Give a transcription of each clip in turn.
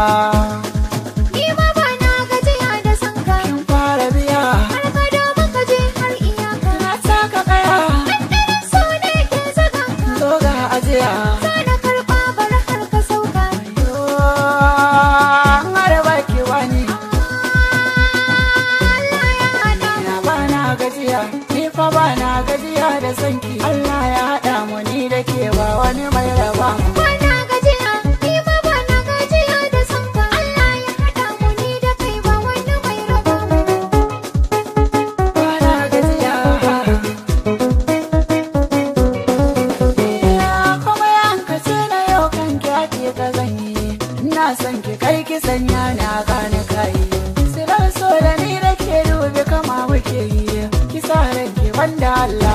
Ni na gajiya da Kin fara biya. Har ka domin ka je har iyaka. Na taka kaya. so ne ke Zo ga ajiya. Za na karɓa gajiya ni na gajiya da sanki Allah ya haɗa mu ni da ke ba wani mai raba ina son ki kai ki sanya na gane kai sirar so da ni ke dubi kama muke yi ki sa ranki wanda Allah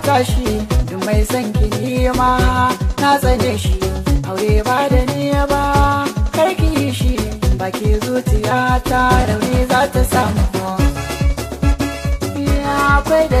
tashi duk mai son ki ma na tsane shi aure ba da ni ba karki shi baki zuciya ta rauni za ta samu akwai da